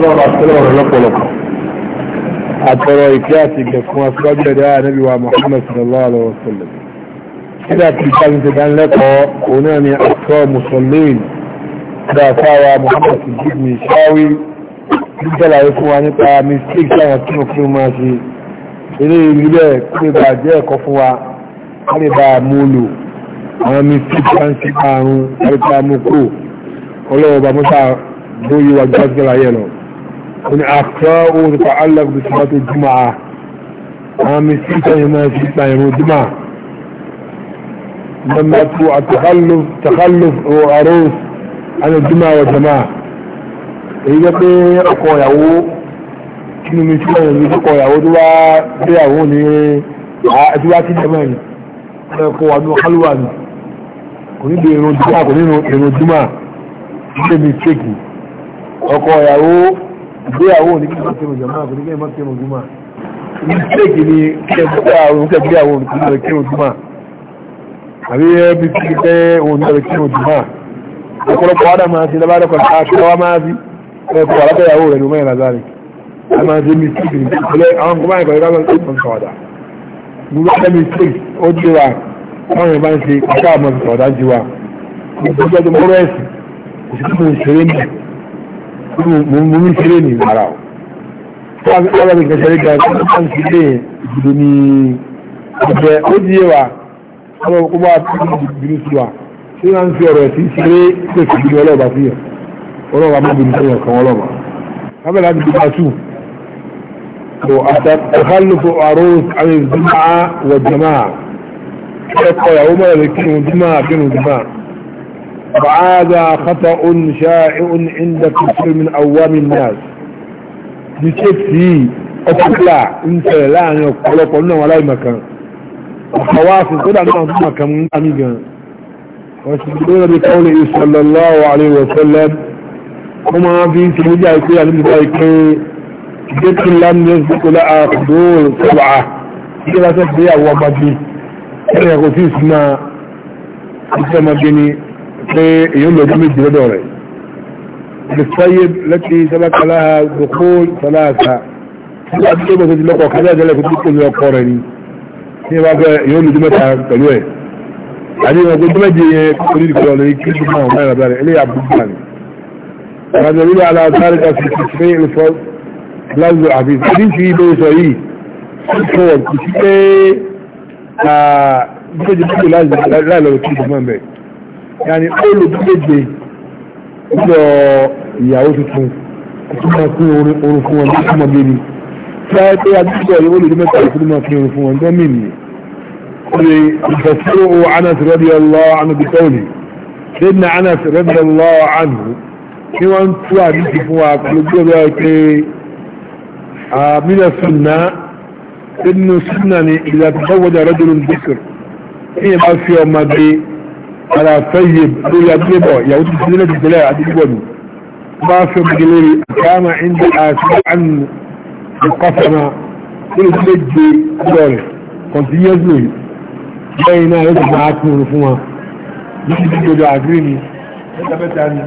ọlọ́run àtẹ́lẹ̀ ọ̀rọ̀ lọ́pọ̀lọpọ̀ àtọ̀rọ̀ ìkẹ́ àti ìgbẹ̀ fún aṣíwájú ẹ̀dá ànábì wa Muhammad sallallahu alaihi wa sallam kíkà tí ìtàgé ti dán lẹ́kọ̀ọ́ òun náà ni àṣọ mùsùlùmí dá sáwa Muhammad siddiq ní ṣáwí nígbàlá yìí fún wa nípa mistake táwọn tí mo fún máa ṣe eré ìrírẹ́ من أخطاء تتعلق بصلاة الجمعة عام السيطة هنا سيطة يوم الجمعة لما توقع التخلف تخلف وعروس عن الجمعة والجماعة إذا بي أقوى يعو كنو من سيطة يوم أقوى يعو دوا بيعوني أدواتي جمعي أقوى أنو خلواني kòní bí irun jùmọ́ kòní irun jùmọ́ ṣe mi ṣéèkì ọkọ ìyàwó ìgbéyàwó ní kíkọ́ kírun jọmọ́ àbí kíkọ́ ìmọ̀ kírun jùmọ́ mistake ni kẹgbéyàwó ní kíkọ́ kírun jùmọ́ àbí ẹbí sí pé òun náà kírun jùmọ́ ọ̀pọ̀lọpọ̀ wádà máa ti lábàdọ̀ kan aṣọ́wá máa ti ẹ̀kọ́ alábẹ́yàwó rẹ̀ ló mẹ́rin lazari a máa ti mistake ní kíkọ́lẹ̀ àwọn kọ́mọ́ ẹ̀kọ́ ìgbà máa ń sọ̀rọ̀ sọ̀dà gbogbo ẹ̀kọ́ mistake ó ti wà táwọn ìbá ń ṣe kọ́kọ́ àmọ́ sọ̀dà ti wà gbogbo ẹ̀kọ́ mọ́rọ̀ ẹ̀sìn kò sí kí mo ṣeré náà mo ní ṣeré ní ara o tó wà ní ìgbésẹ̀ rí ga ẹ̀kọ́ tó ń fi lé ìdìbò ní ọ̀bẹ ó di yé wa ọ̀rọ̀ kó bá tó ń bínú sí wa tí wọ́n ń fi ọ̀rọ̀ sí ṣeré pé kò bínú ọlọ́ọ̀bá sí yẹn ọlọ́ọ̀bá má bínú sí ọ̀kan ọlọ́ọ̀bá lábẹ́ láti bí pàṣù kò àtàkọ́lùfọ̀ àrùn àrùn ìdúmọ̀ wọ̀ jẹ̀máà ẹ̀kọ́ ìyàwó mọ̀ هذا خطأ شائع عند كثير من أوام الناس بشكله أفكلا انت لا يقلق لنا ولا مكان وخواصل قد أنه مكان من أميقا ويستدلون بقوله صلى الله عليه وسلم كما في سنجا يقول عن المبايك جد لم يزدق لها خدور سبعة إلا تسبيع ومجي يقول في سنة بني pé èyàn lọ́jọ́ méjì lọ́dọ̀ rẹ̀ ìfẹ́yẹ lẹ́tí sábàkálá gbogbo sọ́láàtà láti tó bọ̀sẹ̀ ti lọ́kọ̀ kájá jẹ́lẹ̀ kó tó ní ọkọ rẹ̀ ni ní ẹbá fẹ́ èyàn lọ́jọ́ mẹ́ta pẹ̀lú ẹ̀ àti ìwọ̀n gbogbo méjì yẹn kó ní ìkọlọ̀ lórí kí ní máa máa rà rẹ̀ eléyà búgbà ni ìrìnàjò nílò aláàtàrí ká sì ti fẹ́ ìfọ́ láwùjọ àfi ní ti ilé sọ yìí sọ̀rọ̀ yàní olùdókèdè lọ ìyàwó tuntun ìtumọ̀ fún orun fún wọn ní ìtumọ̀ bèrè tí a pé adúgbò yìí olùdó mẹ́ta ìtumọ̀ fún orun fún wọn gọ́mì ni olè ìfẹ̀sọ́rọ̀ owó anas radiyallahu anhu bí tọ́lì lẹ́nà anas radiyallahu anhu ni wọ́n tú àdìsí fún wa pẹ̀lú bí ọ̀rọ̀ pé àmìnà sunna nínú sunna ni ìlàtọ̀wọ́dà rajulun dhikr ní ìbá fi ọmọ gbé ara fẹ́yẹ lórí abúlébọ̀ ìyàwó ti sílẹ̀ ti tẹ́lẹ̀ àdúgbò ni bá fẹ́ bí lórí àkáàmà ìndí àti àánú ìkọfẹ́mà lórí tí lè gbé ọ̀rọ̀ rẹ̀ kọ̀ntínúyẹ́sì lẹ́yìn náà yóò tẹ̀lé àtúnrún fún wa ní ti gbogbo àgbé ni mẹ́ta mẹ́ta ni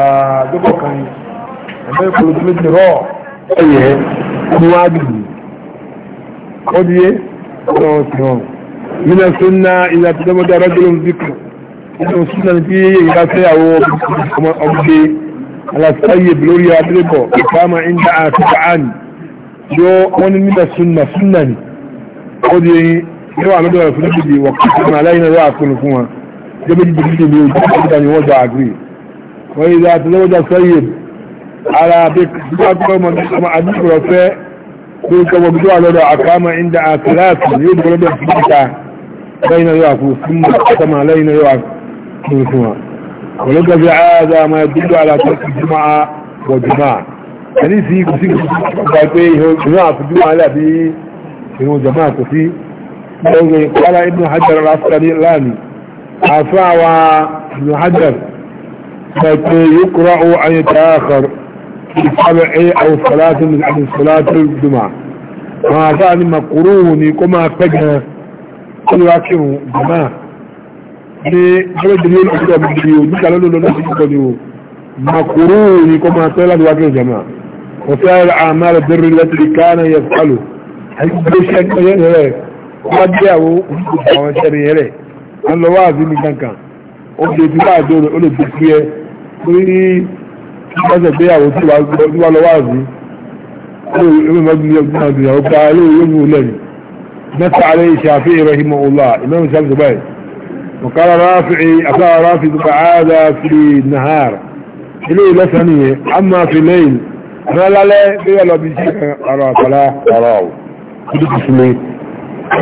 àdúgbò kan ni ẹ̀mẹ́ ìpolówó méjì rọ̀ ẹ̀yẹ ọmọ àgbègbè ó di yé ọ̀rọ̀ ọ̀sẹ̀ wọn. من السنة إذا تدمد رجل ذكر nínú sílẹ̀ tí ìgbà fẹ́ àwọn ọmọdé aláṣáyè lórí abúlébọ̀ ìfàmà ìdá àtúkà àn yóò wọ́n ní nílẹ̀ súnà súnà ni ó di yóò àmì dọ̀rọ̀ fún ìdí wọ̀kùnkùn mà láyé náà àkùnrin fún wọn jẹ́ méjì bí ìdí ìlú ìjọba ni wọ́n jọ àgbè wọ́n yìí láti lọ́wọ́ jọ sáyè ara bí kíkọ́ ọmọdé ọmọ àdúgbò fẹ́ kó gbogbo gbogbo في هذا ما يدل على ترك الجمعة والجماعة يعني في كثير في إيه جماعة في الجمعة لا في إنه جماعة كثير قال ابن حجر العسكري الآن عفا وابن حجر يقرأ عن يتآخر في سبع أو صلاة من صلاة الجمعة ما كان مقرون كما فجأة كل واكب جماعة ní alóbìnrin ọjọ́ ọmọdé o níta lọ́nà lọ́nà sí kíkọ́ ni o makuru ni kọ́ máa fẹ́ láti wákẹ́ ìjàmà wọ́n fẹ́ ara àmà rẹ̀ bẹ̀rẹ̀ láti káàna yẹ fàlù àti iṣẹ́ ìpẹ́yẹ rẹ̀ wọ́n gbé àwọn oníkùnkùn àwọn iṣẹ́ rẹ̀ wọ́n lọ wá àbí mi kankan ó lè fi wá àdó rẹ̀ ó lè fi fi ẹ pé ní ìgbésẹ̀ gbéyàwó tí wà lọ wá àbí ó lè má gbé ìyàwó ká lóòrè yóò mú lẹ́nu mẹ́ta alẹ́ ìṣàfihàn rahimahu allah ìmọ̀ ìṣàfihàn وقال رافعي أفاء رافع بعادة في النهار إليه لسنية أما في الليل أنا لا لا بيلا بيشيك أرى فلا أراه كده اسمي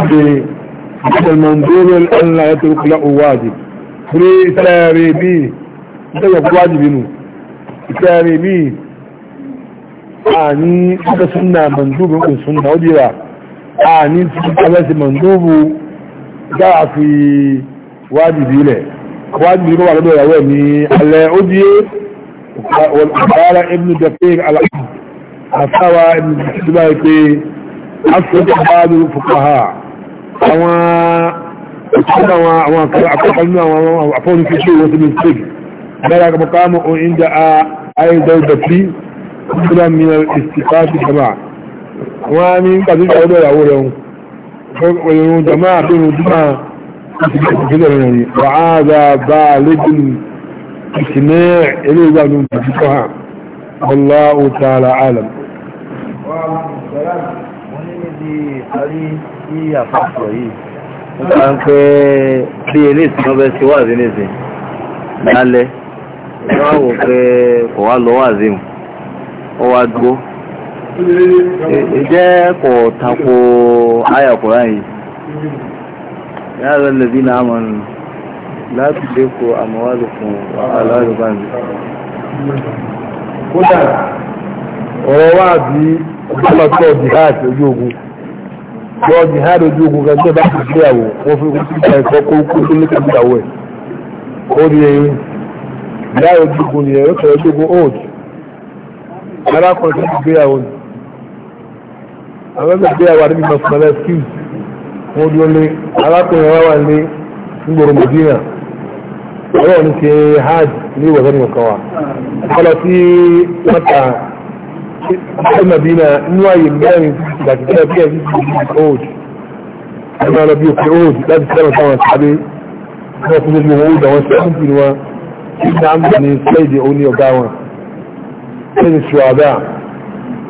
كده المنظور أن لا يترك له واجب كده إتاري بيه كده واجب إنه إتاري بيه آني كده سنة منذوب يمكن سنة وديرا آني كده منذوب ضعفي wájìbí rẹ̀ wájìbí ló wà lọ́dọ̀ ìyàwó ẹ̀ ní alẹ́ ó di ọ̀pára ibnu daqiq àtàwà ibnu ìṣúná pé afirka báàdù fukaha àwọn ìṣúná àwọn àwọn akọ́kọ́ nínú àwọn afọ́nù fi ṣe wọ́n ti ní stage bẹ́ẹ̀ kọ́ kọ́ mọ́ ohun ìjà وعاد بالغ اجتماع إليه بعد من تفكها والله تعالى عالم wọ́n pé bí ilé ìsinmi ọbẹ̀ sí wáàzí nìsín lálẹ́ wọ́n wò pé kò wá lọ wáàzí mu ó wá dúró ìjẹ́ kò tako ayàkùnrin يا أيها الذين آمنوا لا تدركوا أموالكم وأولادكم kódà ọ̀rọ̀ wà bí ọjọ́ ọjọ́ jihad ojú ogun ọjọ́ jihad ojú ogun kan tó bá ti gbé àwọ̀ wọ́n fi kú síta ẹ̀kọ́ kó kú tó lékè sí àwọ̀ ẹ̀ ó rí ẹyin ìyá ojú ogun ni ẹ̀rọ sọ̀rọ̀ ojú ogun old arákùnrin tó ti gbé àwọ̀ ni àwọn ẹgbẹ́ gbé àwọ̀ àdébìmọ̀ fún ọlẹ́skíìsì wọ́n dúró lé arákùnrin wá wà lé nígboro Madina ọlọ́run ní ṣe hajj ní ìwọ̀sán nìkan wa ọlọ́ sí mọ́ta ṣe Madina inú ààyè mẹ́rin ìgbàgbẹ́ bí ẹ̀rí ti old ẹgbẹ́ ọlọ́bí òkè old láti sẹ́rọ̀ sáwọn sábẹ́ wọ́n fún gbogbo owó ìdáwọn sẹ́kùnkì ni wọn kí ní àmì ní sẹ́ẹ̀dì òní ọ̀gá wọn ṣe ní ṣùgbọ́n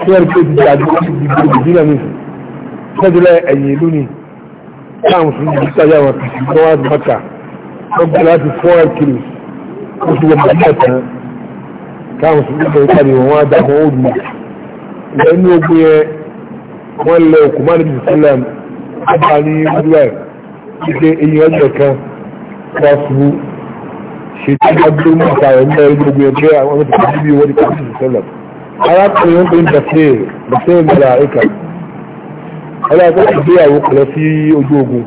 ṣe ẹ̀rí pé ti dàgbé ìdílé mi sẹ́ẹ̀dì lẹ́ ẹ̀yìn ìlú ni táwọn fún ìlú táyà wọn fi sí lọ́wọ́ àgbàkà wọ́n gbé láti four hundred kilos ó sì wọ́n bàbá tán táwọn fún ìlú ìpàdé wọn wọ́n dàgbọ́n ó lù ìgbà inú ogun yẹn wọ́n lẹ òkú má níbi sílẹ̀m ọba ní wúlẹ̀ ike eyín ọjọ́ kan wọ́n fún ṣètò ìgbàgbé mú ọlọ́pàá ti gbé ìyàwó kan lọ sí ojú ogun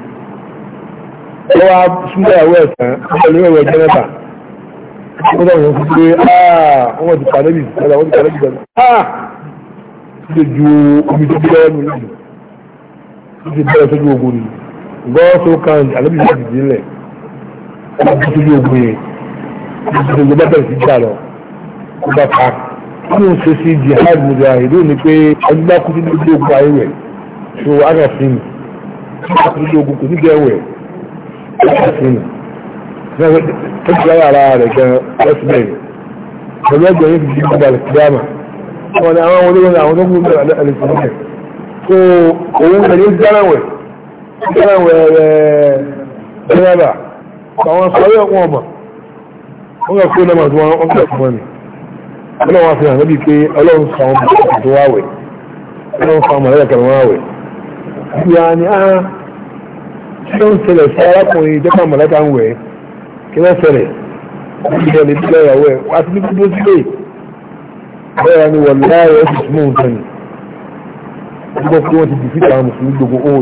ó wá súnmọ́ ìyàwó ẹ̀sán ọlọ́pàá ìwé ẹ̀jẹ̀ mẹ́ta ó dáwọn ohun pé ah, wọ́n ti pàdé bìí sọ́dọ̀ wọ́n ti pàdé bìí sọ́dọ̀ áà ti ju omi tó gbé lọ́wọ́ nínú ó ti bẹ̀rẹ̀ sójú ogun ni gọ́ọ̀sù kan àlébì sí ìdí nílẹ̀ ó ti sójú ogun yẹn ó ti sójú bá bẹ̀rẹ̀ sí jà lọ ó bá pa kí ló ń ṣe sí jihad mujahideen ni pé ọdún bá kú sí ojú ogun ayé rẹ̀ so ara fún mi ní ogun kò ní bẹ̀wẹ̀ ara eh, fún mi ó ti lára ara rẹ̀ gan westman pẹ̀lú ẹgbẹ̀ yìí fi gbogbo alìsílámà wọn ni àwọn olóyìn àwọn tó gbogbo alìsílámà so òun rẹ̀ ní gánàwẹ̀ gánàwẹ̀ rẹ̀ dẹ́rẹ́bà àwọn sọ̀rọ̀ ẹ̀kọ́ ọmọ wọ́n yà kó lọ́mà tó wọn ọ̀gbẹ̀ fún mi ọlọ́run fi hàn níbi pé ọlọ́run fa ọmọ tó wáwẹ̀ ọlọ́run fa ọmọ lẹ́yìn kan wáwẹ̀ ìyàní á ah, tí ó ń ṣẹlẹ̀ sí arákùnrin ìjọba mọ̀lẹ́ta ń wẹ̀ kí wọ́n ṣẹlẹ̀ ìjọba lè bílẹ̀ ìyàwó ẹ̀ wá sí ní gbogbo sílé bẹ́ẹ̀ ni wọ́n láàyè ó sì súnmọ́ nǹkan ni gbogbo pé wọ́n ti dì síta àwọn mùsùlùmí gbogbo o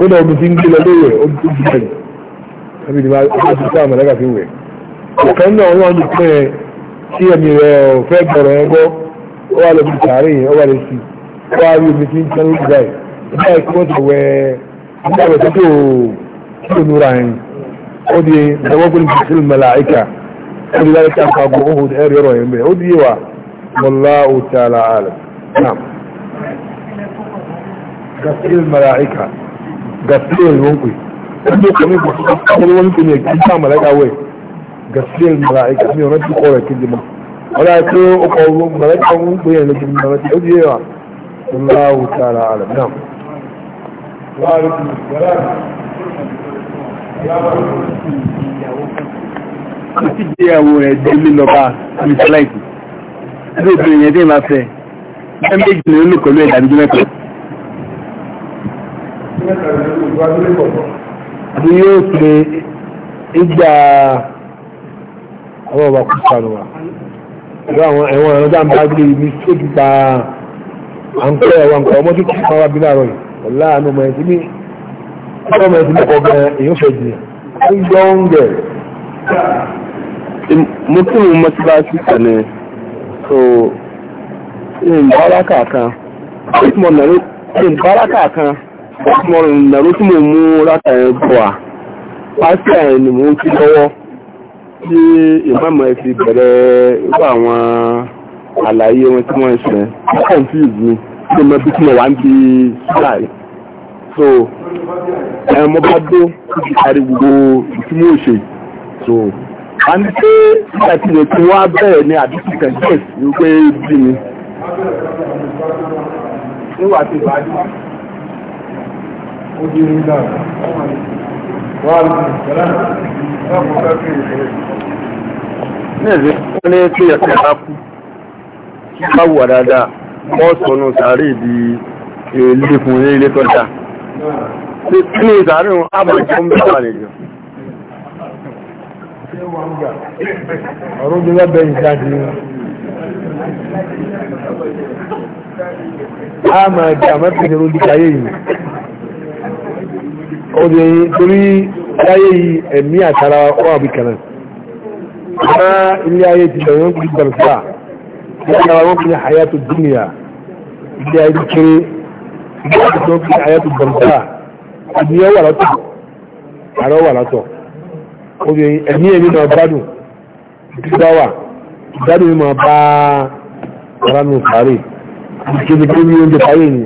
ó dà omi ti ń gbé lọ lóòwẹ̀ ó ti dì bẹ́ẹ̀ ẹbí ni wọ́n ti sá mọ̀lẹ́ta fi wẹ̀ ọ̀kan náà o ti pín ẹ tí ẹ̀mí rẹ̀ ò fẹ́ gbọ̀rọ̀ ẹ gbọ́ ó wà lọ́bi tààrí ó wà lọ́bi sí ó wà lọ́bi tí báyìí kí wọ́n ti wẹ ìdáwẹ̀ tó tó tó nura yẹn ó di ìdáwọ́ pé nípa sílùú màláíkà ó di láyé káfà gbọ́ ó hùn ẹ̀rí ọ̀rọ̀ yẹn bẹ́ẹ̀ ó di wa wallahu ta'ala alam naam gasil màláíkà gasil ìwọ̀n pè ó di ọkọ̀ mi kò tó kọ́ wọ́n pè ní ìgbà màláíkà wẹ̀ gasil màláíkà mi ò rántí kọ́ rẹ̀ kéde mọ́ wọ́n yà pé ó kọ̀ màláíkà wọ́n pè yẹn lójú màláíkà ó di wa wallahu ta'ala alam naam. Wàhálùkù ìyàwó kan. Kí ìgbéyàwó rẹ̀ dé lílọ́ba Mísíláìtì? Ilé ìbìnrin yẹn dé máa fẹ́. Bẹ́ẹ̀ méjì ni ó lò pẹ̀lú ẹ̀dà méjì mẹ́ta. Àbí yóò pe ìgbà àwọn ọba kú sàrò wa. Ìlú àwọn ẹ̀wọ̀n ẹ̀rọ dáńbá gbé ibi tó ti gba à ń pẹ́ ẹ̀wọ̀n kan ọmọdé kí wọ́n wá bí láàárọ̀ yìí ọ̀la àánú ọmọ ẹ̀sìn ní ọmọ ẹ̀sìn mọ́kọ̀ gan èyàn fẹ́ jìyà ó yọ oúnjẹ. mo tún mú mọ́tíláṣí tẹ̀lé so ìbáraka kan ìbáraka kan mo tí mo mú rákà yẹn bọ̀ à pásítà yẹn ni mo ń kí lọ́wọ́ tí ìmọ̀mọ̀ ẹ fi bẹ̀rẹ̀ irú àwọn àlàyé wọn tí wọ́n ń ṣe confuse me ṣe mọ bí kílẹ̀ wá ń di sílà rẹ̀ so ẹ mo bá dé ibi kárí gbogbo ìtumú òṣè so a ní pé nígbà tí mo ti wá bẹ̀rẹ̀ ní àdúgbò kẹ̀kẹ́ ní pé bí mi. níwà tí ìwà dé ó di ní náà wọ́n á lè ṣẹlẹ̀ náà mo fẹ́ fi ìṣẹ̀lẹ̀. ní ẹ̀sìn wọ́n ní tí ẹ̀sìn bá kú bá wù wá dáadáa wọ́n sọnù sàárè di ilékun ilé tọ́já nínú ìsàárè wọn ábàjọ́ ń bẹ̀rẹ̀ nìjọ ọ̀rọ̀ gbogbo bẹ̀rẹ̀ ìjáde a máa jẹ́ àmọ́tẹ̀kẹ̀ ló dìkà ayé yìí obìnrin torí ayé yìí ẹ̀mí àtàrà wà bí kẹrẹ̀ ilé ayé ti bẹ̀rẹ̀ ń gbìyànjú لأن ربنا حياة الدنيا دي ذكري ربنا حياة البرزاء ẹ̀mí ọwọ́ àlọ́tọ̀ àrọ́ wà látọ̀ obìnrin ẹ̀mí ẹ̀mí máa gbádùn ìdígbà wà ìgbádùn máa bá ara nù sáré ìkéde pé ní oúnjẹ sáré ni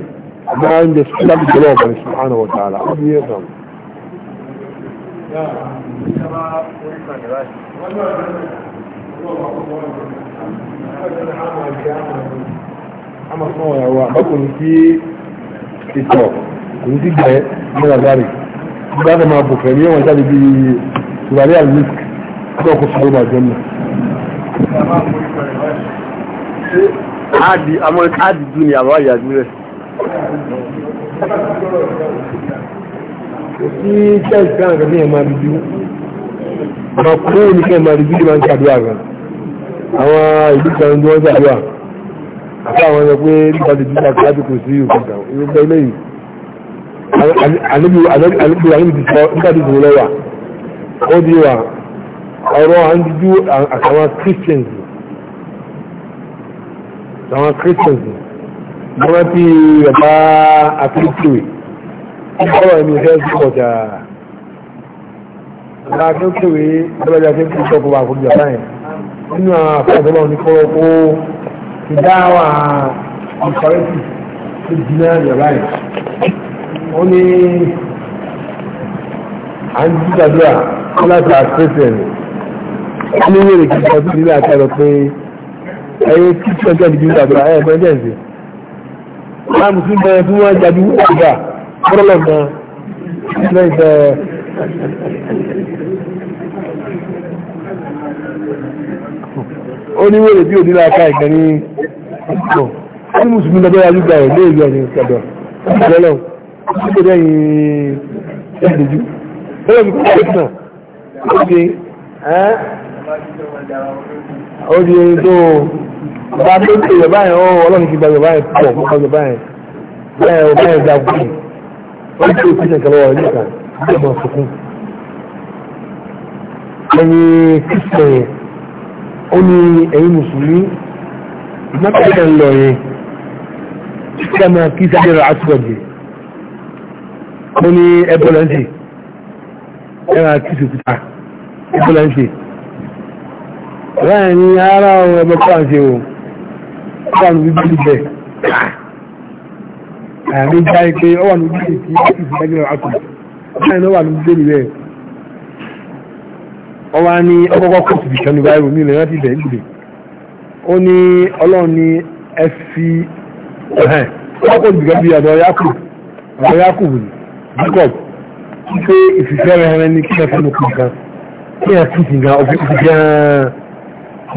àmọ́ oúnjẹ sáré jọlọ ọ̀gbọ̀n subhanahu wa ta'ala ó bí yẹn sàn. Thank you. ama fún ọ̀yà wa bákùnrin sí ìtọ̀ kò ní sí ní ọ̀wọ̀n jáde bíi tùwárí àlùmísk tó ọkọ̀ sọ̀rọ̀ àwọn àyà rẹ̀. kò sí chẹ́ǹsì kan àgbẹ̀ ní ẹ̀ máa rí ọkùnrin ní kẹ́ máa rí bí ló máa ń ṣàdúrà àwọn ìlú kan ní wọ́n ṣàdúrà àti àwọn ẹgbẹ́ pé nípa ti dídá káàdì kò sí òkúta ìrúgbẹ́ ilé yìí àníbi àníbi ti sọ nípa ti sọ̀rọ̀ lọ́wà ó di wà ọ̀rọ̀ à ń dijú àtàwọn Christians àwọn Christians wọ́n ti ọ̀pá àfíríkìwé ọ̀rọ̀ ẹni ìfẹ́ sí ọjà láàkínkìwé ọlọ́jà kékeré sọ́kùnrin àkójọ báyìí nínú àfọ̀dọ́lọ́ ní kọ́ ó ti dáwà ọ̀pọ̀lẹ́tì tó jìnà yàrá ẹ̀ ó ní à ń jíjàdúrà láti àpẹẹsẹ̀ rẹ̀ ó ní wèrè kí ọdún nílẹ̀ àtàrọ pé ẹyẹ tí tí ọjọ́ ìdíjú ìdàdúrà ẹ̀ ẹ̀gbọ́n jẹ́ ìsìn láàmù sí bẹ́ẹ̀ tí wọ́n jáde wọ́n gbà kọ́rọ́lọ̀ gan ilé ìfẹ́ oníwèrè bí onílà ká ìkan ní ọ̀pọ̀ ní mùsùlùmí lọ́gbẹ́ ayúgbà ẹ̀ lé ìlú ẹ̀yìn ìkàdọ̀ ìjọlọ́ ìjọba lẹ́yìn ìdíjú lọ́wọ́ mi kò tó tàn ó di ẹ́ ó di ẹni tó bá tó ń pè yorùbá yẹn ó ọlọ́run ti gba yorùbá yẹn pọ̀ pọ̀ yorùbá yẹn bẹ́ẹ̀ yorùbá yẹn da gùn ó ti tó ìpínlẹ̀ kan lọ́wọ́ níta ó ti mọ̀ sọkún ẹni kristian yẹn ó ní ẹ̀yin mùsùlùmí mọ́kànlá ń lọ yẹn kí a máa kí sáré rà ásùwọ̀jì ó ní ẹbọ́lẹ́ǹsì ẹ̀rà kí sùkúta ẹbọ́lẹ́ǹsì láàrin ní ara ohun ẹgbẹ́ pàṣẹ o wà ní bíbí bẹ̀ àmì jáde pé ó wà ọwá ní ọkọ́kọ́ kò sì kẹnu báyìí omi ilẹ̀ láti ibẹ̀ ìgbè ó ní ọlọ́run ní ẹ fi ẹ̀hẹ́n ọkọ̀ sì kẹnu bíi ọ̀dọ̀ yakub ọ̀dọ̀ yakub ni jacob pé ìfìfẹ́ rẹ̀ rẹ̀ ní kíkẹ́ fún okùn kan kí ẹ fi ìgbà òfin fi gan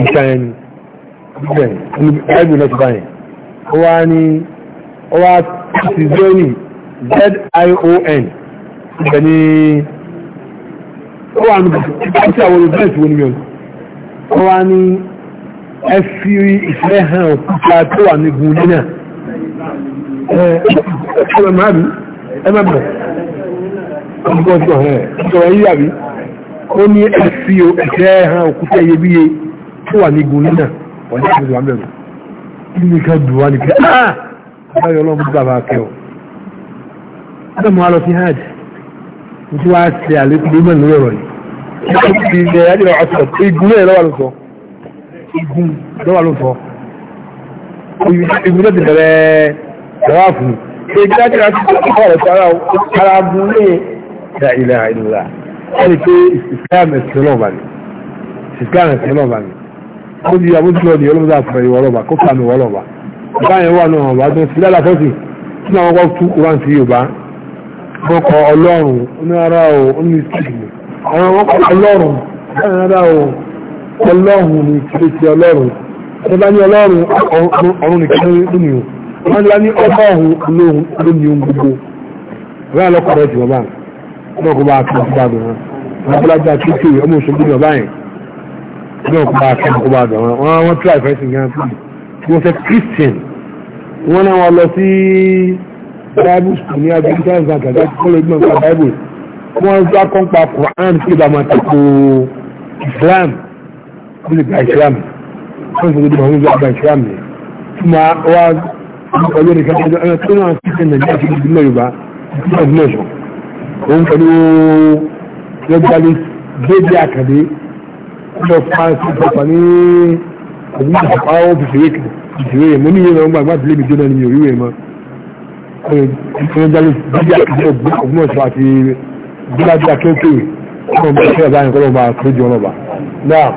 nǹkan ẹni bíbẹ̀ ní ẹgbẹ̀ lọ́tọ̀ báyìí ó wá ní ó wá ti zoni zion ibẹ̀ ní ó wà níbi àti àwọn olùbẹ́ẹ̀tì wọn níbi ọ̀nà wọ́n wá ní ẹ fi ìfẹ́ hàn òkúta tó wà ní gun nínà ẹ máa bí ẹ máa bẹ̀rẹ̀ ọgbọ́n sọ ẹ̀ sọ̀rọ̀ yíyà bí ó ní ẹ fi ìfẹ́ hàn òkúta iyebíye tó wà ní gun nínà wọ́n ní ìfẹ́ wà bẹ̀rẹ̀ kí ni ká dùn wá ní pé ah báyọ̀ ọlọ́run bàbá kẹ́ ọ. Adam wa lọ sí hajj tí wàá ṣe àlékún ní mọ̀ lórí ọ̀rọ̀ yìí ti ṣe ẹ̀yájú náà ọ̀sọ̀ igun náà lọ́wọ́ ló sọ igun lọ́wọ́ ló sọ igun náà ti bẹ̀rẹ̀ lọ́wọ́ fún un ṣe jáde láti kọ́ ọ̀rọ̀ sí ara ara gun ní ìlà ìlà ìlà ẹni pé islam ẹ̀sìn náà bá ní islam ẹ̀sìn náà bá ní ó di abójúlọ ní ọlọ́mọdé àfẹ́ ìwọ ọlọ́ba kó kà mí ìwọ ọlọ́ba báyẹn wà náà wà á dún sílẹ̀ láfọ́sì tí àwọn kọ́ tú kúrán sí Yorùbá bọ́kọ̀ ọlọ́run oníwárá o oníṣègùn àwọn ọkọ̀ ọlọ́run oníwárá o ọlọ́run ní kìí ti ọlọ́run tó bá ní ọlọ́run ọ̀run nìkan lónìí o wọ́n ní wá ní ọlọ́run lóhun lónìí ohun gbogbo rẹ́ lọ́kọ̀ rẹ̀ jù bàbá ọmọ kò bá kí wọn wọn bá gbà kí ọmọ òṣèlú bàbá yẹn ọmọ kò bá kí wọn wọn tí bible school ní ajé níta ẹ̀ka gàdá kọ́lọ̀ ìgbìmọ̀ nípa bible wọ́n ń gbá kọ́ńpa quran tí ìbá máa tako islam bí lè gba islam wọ́n sì gbọ́dọ̀ wọ́n ń gba islam ni tí máa wá ọjọ́ nìkan tó ẹ̀rọ tó náà sí ṣe nàìjíríà ti di mẹ́rìnbá ìpínlẹ̀ ìpínlẹ̀ sọ òun pẹ̀lú lọ́gbàlì déédéé àkàdé lọ fáńsì pàpà ní ọdún ìpàwọ́ fìfèrè kìfèrè mọ́ níyẹn lọ́gbà àgbà tìlẹ́mì jóná ni mi ò rí wẹ̀ mọ́ ìfẹ́jálì bíbí àkàtà ògbọ́n ọ̀ṣọ́ àti bílájú akéèkéè ọmọ ọmọ ìṣẹ́ ọ̀bá nìkan ọba àkójọ ọlọ́ba náà.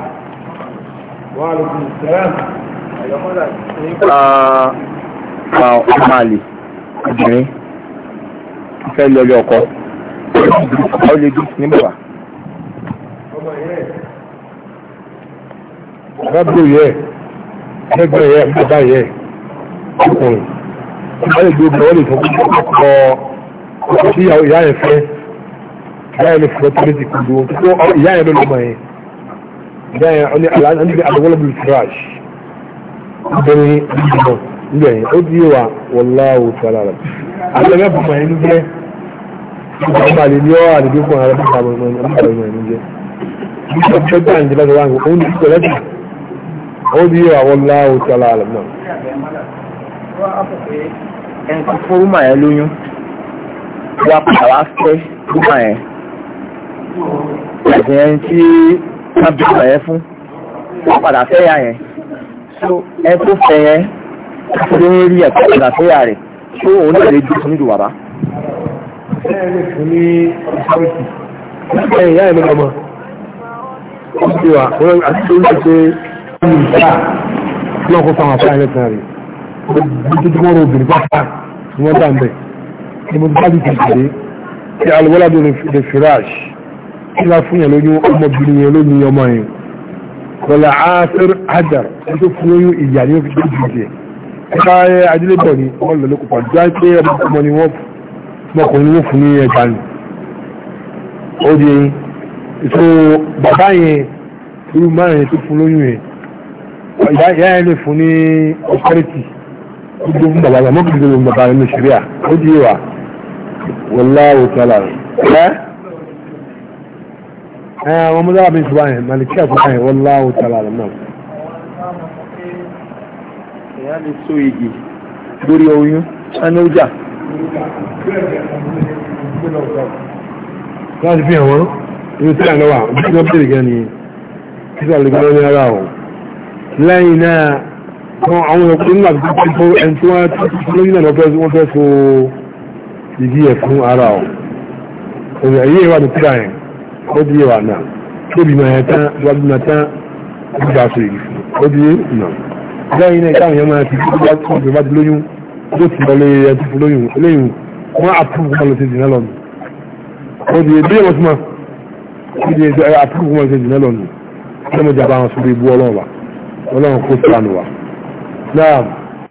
nípa ọmọ àlè obìnrin fẹ́ lọ ilé ọkọ ọ lè dùn ní bàbá. arábìnrin yẹ ẹgbẹ́ yẹ bàbá yẹ ọkùnrin wọ́n lè gbogbo wọ́n lè fọ́ kọ́ ọkọ̀ tí ìyá yẹn fẹ́ ìyá yẹn lè fọ́ tó lè ti kú dùn tó kó ìyá yẹn ló lọ mọ̀ yẹn ìyá yẹn ọ ní alawọ́lọ́bù trash obìnrin ìdìbò níbẹ̀ yẹn ó náà ẹni tó fún rúmà yẹn lóyún wá padà wá fẹ́ rúmà yẹn àti ẹni tí wọ́n bí rúmà yẹn fún wá padà fẹ́ yà yẹn so ẹni tó fẹ́ yẹn tó ń rí ẹ̀kọ́ padà fẹ́ yà rẹ̀ tó òun náà lè dùn nídùú bàbá. bẹ́ẹ̀ ni kò ní ìsọ́ọ̀tì bẹ́ẹ̀ ìyá ẹ̀ ló lọ́mọ ó ti wà àti tó ń ṣe pé ọmọ ìta náà kó fáwọn afẹ́ àìlẹ́sìn rẹ̀ gbogbo wọn obìnrin pátá ni wọ́n dà ń bẹ̀ ni mo bá di tẹ̀lé tí alùwọ́ládùn lè firash kí la fún yẹn lóyún ọmọbìnrin yẹn lóyún ọmọ yẹn kọlá áfẹ́r hajar ẹni tó fún lóyún ìyá ni ó fi dójú ìjẹ ẹka adélébọ̀ ni wọ́n lọ lókùpá jọ ọmọ ni wọ́n mọkùnrin wọ́n fún ní ẹgbà ni ó di èso bàbá yẹn irú márùn-ún tó fún lóyún yẹn ìyá yẹn lè fún ní ọkọrẹ́tì gbogbo bàbá rẹ̀ mọ́kì gbogbo bàbá rẹ̀ ní ṣẹ̀ríà ó di wà wallahu ta'ala ẹ́ ẹ́ àwọn ọmọdé àbí ìṣúwà yẹn màlìkí àkókò yẹn wallahu ta'ala náà. ìyá mi so igi lórí oyún ẹni ó jà. láti fi hàn wọ́n inú sí àlọ́wà bí wọ́n bèrè gan ni títà wọn àwọn ọkùnrin náà ti tó ẹni tí wọ́n ti lóyún náà wọ́n fẹ́ so igi ẹ̀ fún ara ọ̀ òyìn ẹ̀yẹ́ ìwà ní tíra yẹn ó di ìwà náà tóbi máa yẹn tán wájú máa tán gbígbà so igi ó di náà lẹ́yìn náà ìtàwọn yẹn máa ti tó bá tó bá ti lóyún tó ti lọ lé ẹtí fún lóyún lẹ́yìn wọ́n àpúrú kọ́ lọ sí ìdìnnà lọ́nu ó di ebí ẹ̀wọ̀n tó máa ó di àpúrú kọ́ lọ sí ìdìnnà lọ́nu ọlọ́mọdé àbáwọn sọ bí ibú ọlọ́run wa ọlọ́run kó sànù wa. نعم